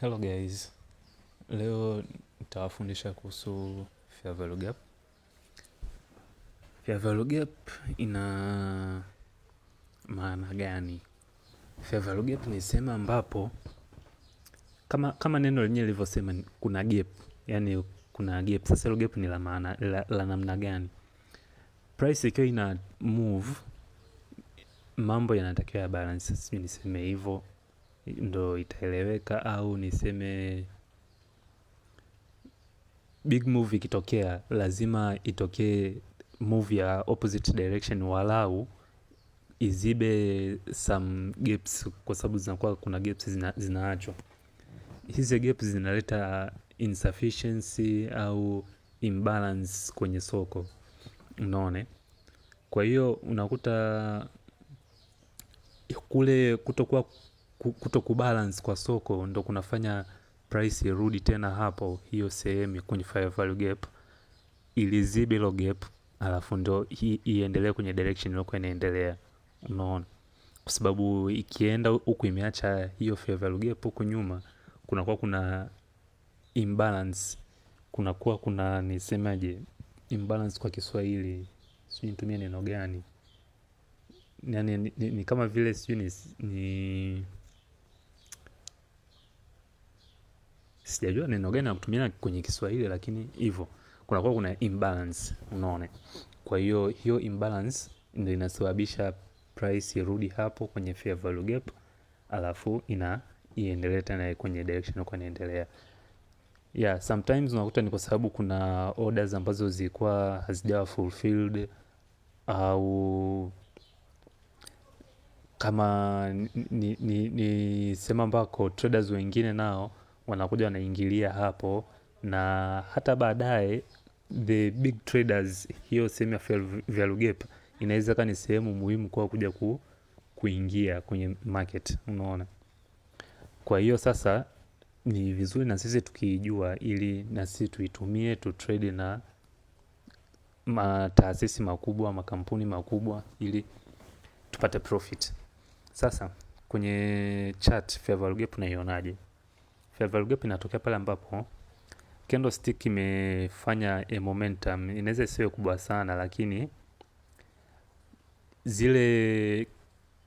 Hello guys, leo nitawafundisha kuhusu fair value gap. Fair value gap ina maana gani? Fair value gap ni sehemu ambapo kama, kama neno lenyewe lilivyosema kuna gap, yani kuna gap. Sasa hilo gap ni la maana la, la namna gani? Price ikiwa ina move mambo yanatakiwa ya balance, sijui niseme hivyo ndo itaeleweka au niseme big move ikitokea lazima itokee move ya opposite direction walau izibe some gaps kwa sababu zinakuwa kuna gaps zina, zinaachwa hizi gaps zinaleta insufficiency au imbalance kwenye soko unaone kwa hiyo unakuta kule kutokuwa kuto kubalance kwa soko ndo kunafanya price irudi tena hapo hiyo sehemu kwenye fair value gap ilizibe hilo gap alafu ndo iendelee kwenye direction iliyokuwa inaendelea unaona kwa sababu ikienda huku imeacha hiyo fair value gap huku nyuma kunakuwa kuna imbalance kunakuwa kuna nisemaje imbalance kwa kiswahili sijui nitumie neno gani yani ni, ni, ni kama vile sijui ni, ni sijajua neno gani la kutumia kwenye Kiswahili, lakini hivyo kunakuwa kuna imbalance, unaona. Kwa hiyo hiyo imbalance ndio inasababisha price irudi hapo kwenye fair value gap, alafu ina iendelee tena kwenye direction kwa inaendelea. Yeah, sometimes unakuta ni kwa sababu kuna orders ambazo zilikuwa hazijawa fulfilled au kama ni, ni, ni sema ambako traders wengine nao wanakuja wanaingilia hapo, na hata baadaye the big traders, hiyo sehemu ya value inaweza kuwa ni sehemu muhimu kwa kuja ku, kuingia kwenye market, unaona. Kwa hiyo sasa ni vizuri na sisi tukiijua, ili na sisi tuitumie tu trade na mataasisi makubwa, makampuni makubwa, ili tupate profit. Sasa kwenye chart fair value gap unaionaje? fair Value gap inatokea pale ambapo candlestick imefanya a momentum, inaweza isiwe kubwa sana, lakini zile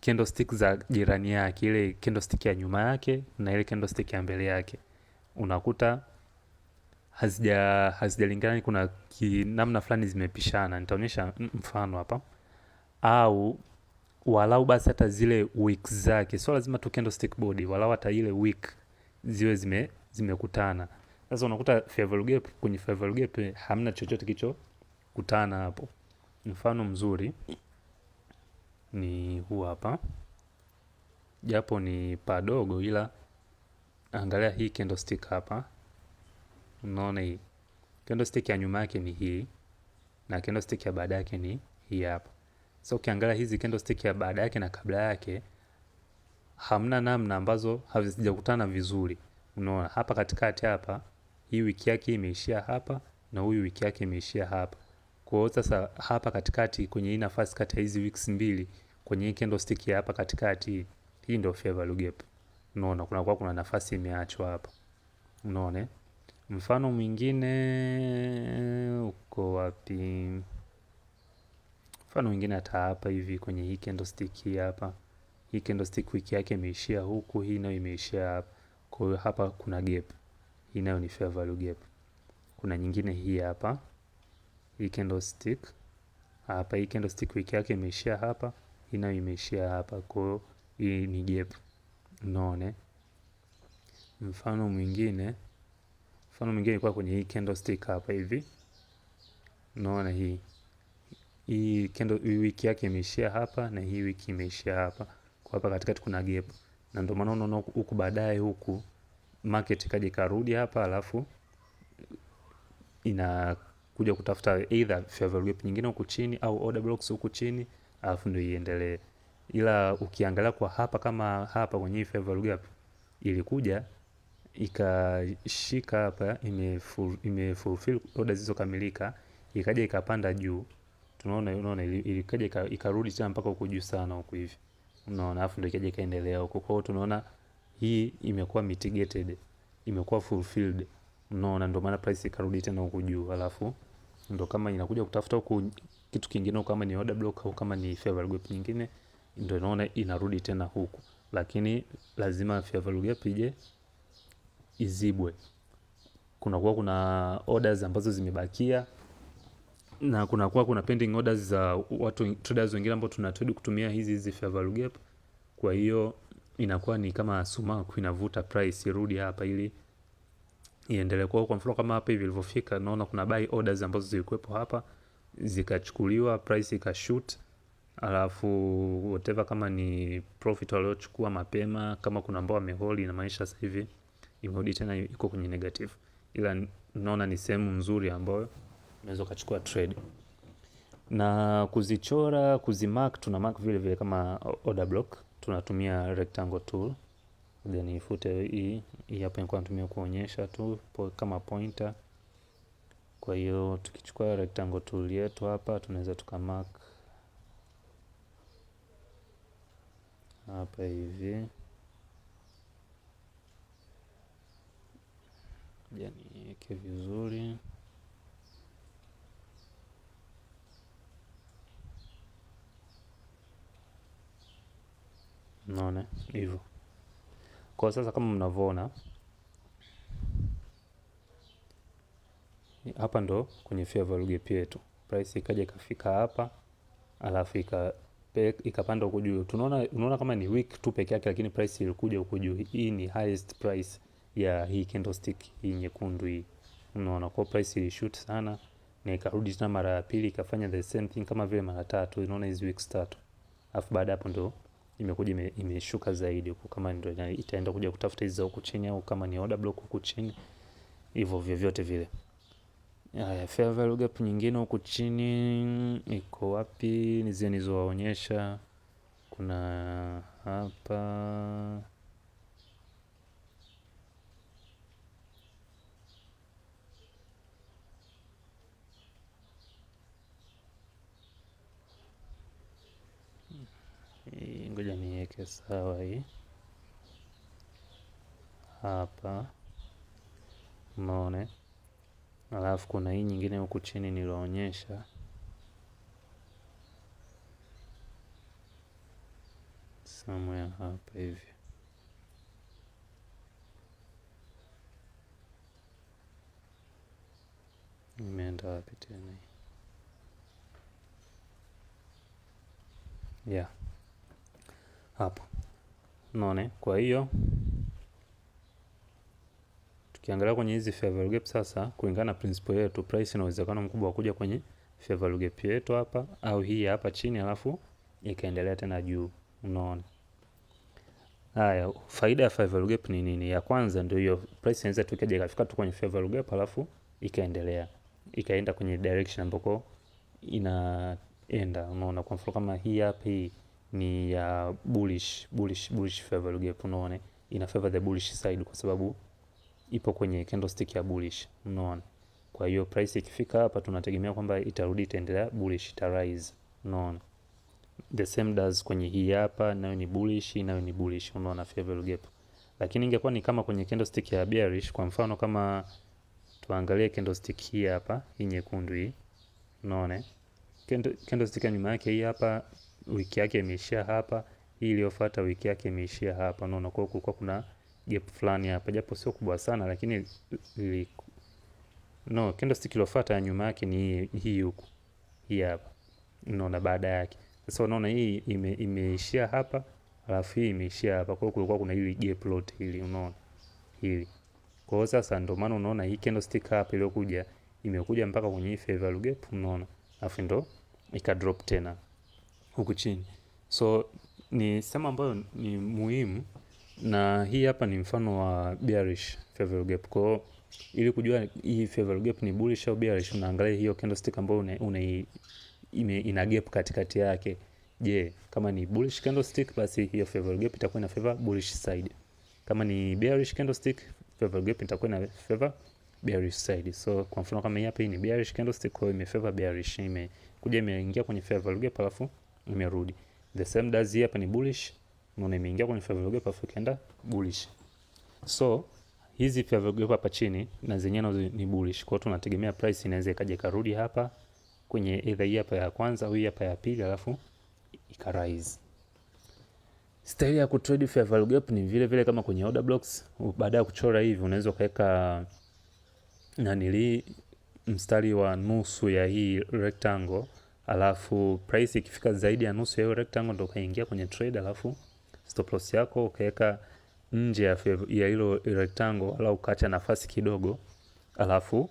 candlestick za jirani yake, ile candlestick ya nyuma yake na ile candlestick ya mbele yake unakuta hazija hazijalingana, kuna namna fulani zimepishana. Nitaonyesha mfano hapa, au walau basi hata zile wick zake, sio lazima tu candlestick body, walau hata ile week ziwe zime zimekutana. Sasa unakuta favor gap kwenye favor gap hamna chochote kicho kutana hapo. Mfano mzuri ni huu hapa, japo ni padogo, ila angalia hii candlestick hapa. Unaona hii candlestick ya nyuma yake ni hii na candlestick ya baada yake ni hii hapa. Sasa so, ukiangalia hizi candlestick ya baada yake na kabla yake hamna namna ambazo hazijakutana vizuri. Unaona hapa katikati hapa, hii wiki yake imeishia hapa na huyu wiki yake imeishia hapa. Kwa hiyo sasa hapa katikati kwenye hii nafasi kati ya hizi weeks mbili kwenye hii candlestick ya hapa katikati hii ndio fair value gap. Unaona kuna kwa kuna nafasi imeachwa hapa. Unaona eh? Mfano mwingine uko wapi? Mfano mwingine hata hapa hivi kwenye hii candlestick hii hapa hii stick wiki yake imeishia huku, hii nayo imeishia hapa. Kwa hiyo hapa kuna gap, hii nayo ni fair value gap. Kuna nyingine hii hapa, hii stick hapa, hii stick wiki yake imeishia hapa, hii nayo imeishia hapa. Kwa hiyo hii ni gap. unaona. mfano mwingine, mfano mwingine kwa kwenye hii stick hapa hivi, unaona hii hii wiki yake imeishia hapa na hii wiki imeishia hapa hapa katikati kuna gap, na ndio maana unaona huku baadaye huku market kaja karudi hapa, alafu ina kuja kutafuta either fair value gap nyingine huku chini au order blocks huku chini, alafu ndio iendelee. Ila ukiangalia kwa hapa, kama hapa kwenye hii fair value gap ilikuja ikashika hapa, imefulfill orders zilizokamilika, ikaja ikapanda juu, tunaona unaona, ilikaja ikarudi tena mpaka huku juu sana huku hivi unaona, afu ndio kaja kaendelea huko. Kwa hiyo tunaona hii imekuwa mitigated, imekuwa fulfilled, unaona, ndio maana price ikarudi tena huko juu, alafu ndio kama inakuja kutafuta huko kitu kingine, kama ni order block au kama ni favor group nyingine, ndio inaona inarudi tena huku, lakini lazima fair value gap ije izibwe. kuwa kuna orders ambazo zimebakia na kuna kuwa kuna pending orders za watu traders wengine ambao tunatrade kutumia hizi hizi fair value gap. Kwa hiyo inakuwa ni kama sumaku inavuta price irudi hapa ili iendelee. Kwa kwa mfano kama hapa hivi ilivyofika, naona kuna buy orders ambazo zilikuwepo hapa zikachukuliwa, price ikashoot, alafu whatever kama ni profit waliochukua mapema, kama kuna ambao wameholi, inamaanisha sasa hivi imerudi tena iko kwenye negative, ila naona ni sehemu nzuri ambayo unaweza ukachukua trade na kuzichora kuzimark, tuna mark vile vile kama order block, tunatumia rectangle tool. Then ifute hii hii hapa, nilikuwa natumia kuonyesha tu kama pointer. Kwa hiyo tukichukua rectangle tool yetu hapa, tunaweza tukamark hapa hivi, janieke vizuri. Unaona hivyo. Kwa sasa kama mnavyoona hapa ndo kwenye fair value gap yetu, price ikaja ikafika hapa, alafu ika ikapanda huko juu. Tunaona, unaona kama ni week tu peke yake, lakini price ilikuja huko juu. Hii ni highest price ya hii candlestick hii nyekundu hii, unaona. Kwa price ilishoot sana na ikarudi tena mara ya pili, ikafanya the same thing kama vile mara tatu, unaona hizi weeks tatu, alafu baada hapo ndo imekuja imeshuka zaidi huku, kama ndio itaenda kuja kutafuta hizo huku chini, au kama ni order block huku chini, hivyo vyovyote vile. Haya, fair value gap nyingine huku chini iko wapi? Nizie nizowaonyesha, kuna hapa Ngoja niweke sawa hii hapa, mone Alafu kuna hii nyingine huku chini nilionyesha, somewhere hapa hivi imeenda wapi tena? Yeah hapa. unaona. Eh? Kwa hiyo tukiangalia kwenye hizi fair value gap sasa, kulingana na principle yetu, price ina uwezekano mkubwa wa kuja kwenye fair value gap yetu hapa au hii hapa chini, alafu ikaendelea tena juu, unaona. Haya, faida ya fair value gap ni nini? Ya kwanza ndio hiyo, price inaweza tu ikaja ikafika tu kwenye fair value gap alafu ikaendelea ikaenda kwenye direction ambako inaenda, unaona. Kwa mfano kama hii hapa hii ni ya uh, bullish, bullish, bullish favor gap, unaona ina favor the bullish side kwa sababu ipo kwenye candlestick ya bullish, unaona. Kwa hiyo price ikifika hapa tunategemea kwamba itarudi itaendelea bullish, ita rise, unaona. The same does kwenye hii hapa, nayo ni bullish, nayo ni bullish, unaona favor gap. Lakini ingekuwa ni kama kwenye candlestick ya bearish, kwa mfano kama tuangalie candlestick hii hapa, hii nyekundu hii, unaona candlestick ya nyuma yake hii hapa wiki yake imeishia hapa, hii iliyofuata wiki yake imeishia hapa. Unaona, kwa kulikuwa kuna gap fulani hapa, japo sio kubwa sana, lakini li, no candlestick iliyofuata ya nyuma yake ni hii huku, hii hapa, unaona baada yake. Sasa so, unaona hii ime, imeishia hapa alafu hii imeishia hapa, kwa hiyo kulikuwa kuna hili gap lot hili, unaona hili. Kwa hiyo sasa ndio maana unaona hii candlestick hapa iliyokuja imekuja mpaka kwenye hii fair value gap, unaona, alafu ndo ika drop tena huku chini. So ni sehemu ambayo ni muhimu na hii hapa ni mfano wa bearish favor gap. Kwa hiyo ili kujua hii favor gap ni bullish au bearish, unaangalia hiyo candlestick ambayo una, una ime, ina gap katikati yake. Je, yeah, kama ni bullish candlestick basi hiyo favor gap itakuwa ina favor bullish side. Kama ni bearish candlestick favor gap itakuwa ina favor bearish side. So kwa mfano kama hii hapa, hii ni bearish candlestick, kwa hiyo ime favor bearish, ime kuja imeingia kwenye favor gap alafu imerudi. The same does here, hapa ni bullish. Unaona imeingia kwenye fair value gap afu ikaenda bullish. So hizi fair value hapa chini na zenyewe ni bullish. Kwa hiyo tunategemea price inaweza ikaje karudi hapa kwenye either hii hapa ya kwanza au hii hapa ya pili alafu ikarise. Staili ya kutrade fair value gap ni vile vile kama kwenye order blocks. Baada ya kuchora hivi unaweza ukaweka nanili mstari wa nusu ya hii rectangle alafu price ikifika zaidi ya nusu ya hiyo rectangle ndo ukaingia kwenye trade, alafu stop loss yako ukaweka nje ya ya hilo rectangle, ala ukaacha nafasi kidogo, alafu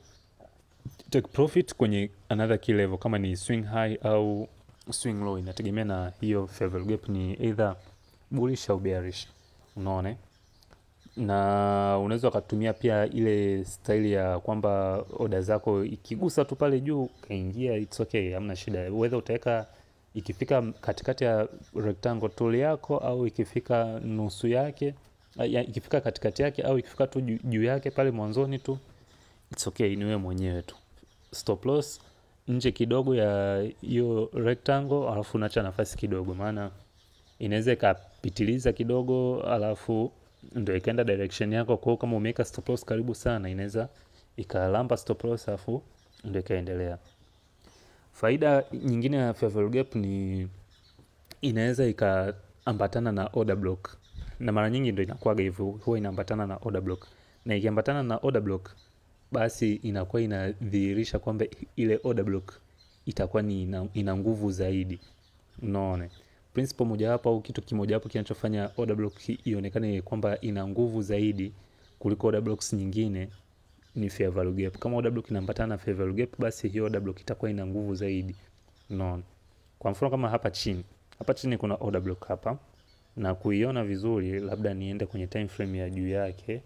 take profit kwenye another key level, kama ni swing high au swing low, inategemea na hiyo favorable gap ni either bullish au bearish, unaona. Eh? na unaweza ukatumia pia ile staili ya kwamba oda zako ikigusa tu pale juu kaingia, it's okay, hamna shida, whether utaweka ikifika katikati ya rectangle tool yako au ikifika nusu yake ya, ikifika katikati yake au ikifika tu juu yake pale mwanzoni tu, it's okay, ni wewe mwenyewe tu. Stop loss nje kidogo ya hiyo rectangle, alafu unaacha nafasi kidogo, maana inaweza ikapitiliza kidogo, alafu ndio ikaenda direction yako. Kwa kama umeweka stop loss karibu sana, inaweza ikalamba stop loss afu ndio ikaendelea. Faida nyingine ya fair value gap ni inaweza ikaambatana na order block, na mara nyingi ndio inakuwaga hivyo, huwa inaambatana na order block, na ikiambatana na order block, basi inakuwa inadhihirisha kwamba ile order block itakuwa ni ina, ina nguvu zaidi, unaona principle mojawapo au kitu kimojawapo kinachofanya order block ionekane kwamba ina nguvu zaidi kuliko order blocks nyingine ni fair value gap. Kama order block inaambatana na fair value gap, basi hiyo order block itakuwa ina nguvu zaidi. No. Kwa mfano kama hapa chini. Hapa chini kuna order block hapa na kuiona vizuri, labda niende kwenye time frame ya juu yake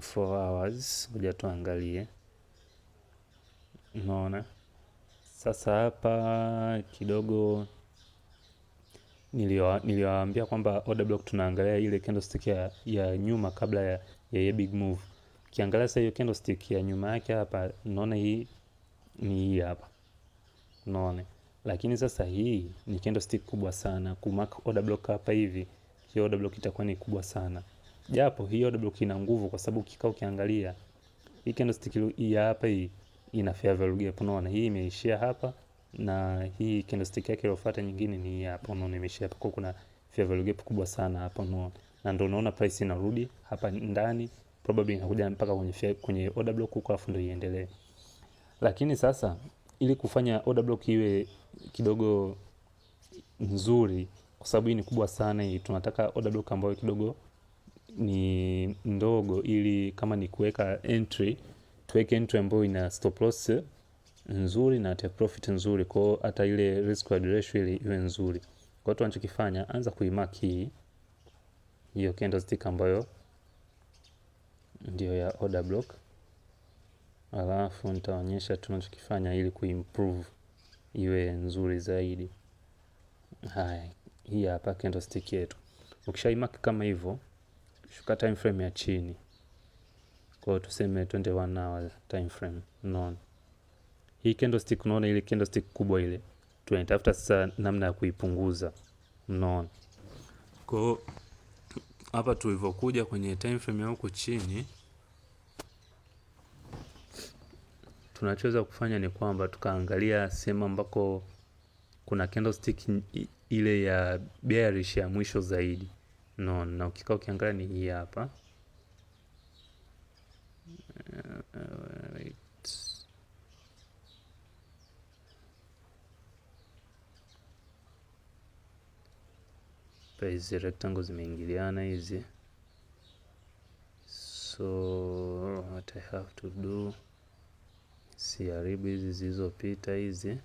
4 hours, ngoja tuangalie. Unaona? Sasa hapa kidogo niliwaambia kwamba order block tunaangalia ile candlestick ya, ya nyuma kabla ya, ya, ya big move. Ukiangalia sasa hiyo candlestick ya nyuma yake hapa, unaona hii ni hii hapa, unaona lakini sasa hii ni candlestick kubwa sana kumark order block hapa hivi, hiyo order block itakuwa ni kubwa sana japo hii order block ina nguvu, kwa sababu ukikaa ukiangalia hii candlestick hii hapa hii ina fair value gap, unaona hii imeishia hapa na hii candlestick yake iliyofuata nyingine ni hapa, unaona imeshia hapa, kuna fair gap kubwa sana hapa, unaona na ndio unaona price inarudi hapa ndani, probably inakuja mpaka kwenye fair, kwenye order block huko, afu ndio iendelee. Lakini sasa ili kufanya order block iwe kidogo nzuri, kwa sababu hii ni kubwa sana hii, tunataka order block ambayo kidogo ni ndogo, ili kama ni kuweka entry tuweke entry ambayo ina stop loss nzuri na take profit nzuri, kwa hiyo hata ile risk reward ratio ile iwe nzuri. Kwa hiyo tunachokifanya, anza kuimark hii hiyo candlestick ambayo ndio ya order block, alafu nitaonyesha tunachokifanya ili kuimprove iwe nzuri zaidi. Haya, hii hapa candlestick yetu. Ukishaimark kama hivyo, shuka time frame ya chini, kwa hiyo tuseme 21 hour time frame none hii candlestick unaona ile candlestick kubwa ile. Tunaitafuta sasa namna ya kuipunguza. Unaona? Kwa hapa tulivyokuja kwenye time frame ya huku chini tunachoweza kufanya ni kwamba tukaangalia sehemu ambako kuna candlestick ile ya bearish ya mwisho zaidi. No, na ukikaa ukiangalia ni hii hapa. Eh, eh, hizi rectangle zimeingiliana hizi, so what I have to do, siharibu hizi zilizopita hizi.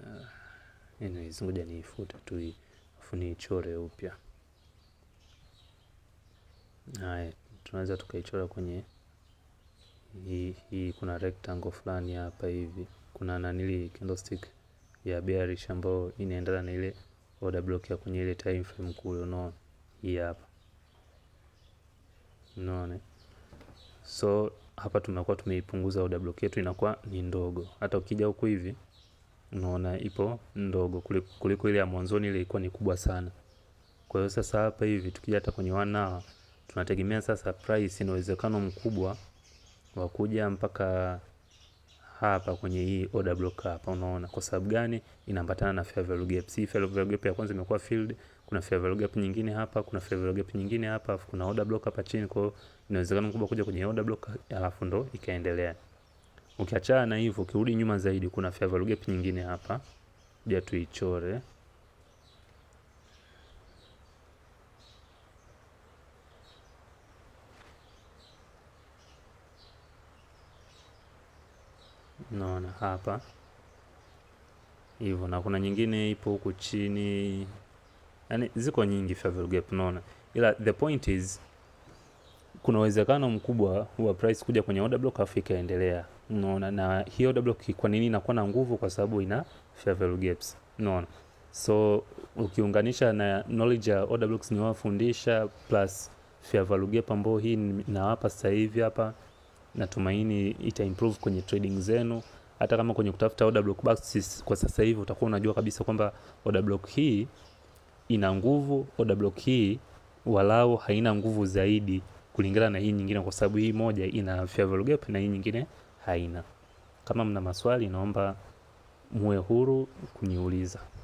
Uh, anyways, ngoja niifute tu hii afu niichore upya. Haya, tunaweza tukaichora kwenye hii hii, kuna rectangle fulani hapa hivi, kuna nanili candlestick ya bearish ambayo inaendana na ile order block ya kwenye ile time frame kule, unaona hii hapa, unaona. So hapa tumekuwa tumeipunguza order block yetu inakuwa ni ndogo, hata ukija huku hivi unaona ipo ndogo kuliko ile ya mwanzoni, ile ilikuwa ni kubwa sana. Kwa hiyo sasa hapa hivi tukija hata kwenye one hour tunategemea sasa price ina uwezekano mkubwa wa kuja mpaka hapa kwenye hii order block hapa, unaona. Kwa sababu gani? Inaambatana na fair value gap. Si fair value gap ya kwanza imekuwa filled, kuna fair value gap nyingine hapa, kuna fair value gap nyingine hapa, alafu kuna order block hapa chini. Kwa hiyo inawezekana mkubwa kuja kwenye order block alafu ndo ikaendelea. Ukiachana na hivyo, ukirudi nyuma zaidi, kuna fair value gap nyingine hapa, kuja tuichore hapa hivyo, na kuna nyingine ipo huku chini, yani ziko nyingi favor gap, unaona, ila the point is kuna uwezekano mkubwa wa price kuja kwenye order block afu ikaendelea, unaona. Na hii order block kwa nini inakuwa na nguvu? Kwa sababu ina favor gaps, unaona. So ukiunganisha na knowledge ya order blocks niwafundisha plus fair value gap ambayo hii nawapa sasa hivi hapa, natumaini ita improve kwenye trading zenu hata kama kwenye kutafuta order block boxes kwa sasa hivi utakuwa unajua kabisa kwamba order block hii ina nguvu, order block hii walau haina nguvu zaidi kulingana na hii nyingine, kwa sababu hii moja ina favorable gap na hii nyingine haina. Kama mna maswali, naomba muwe huru kuniuliza.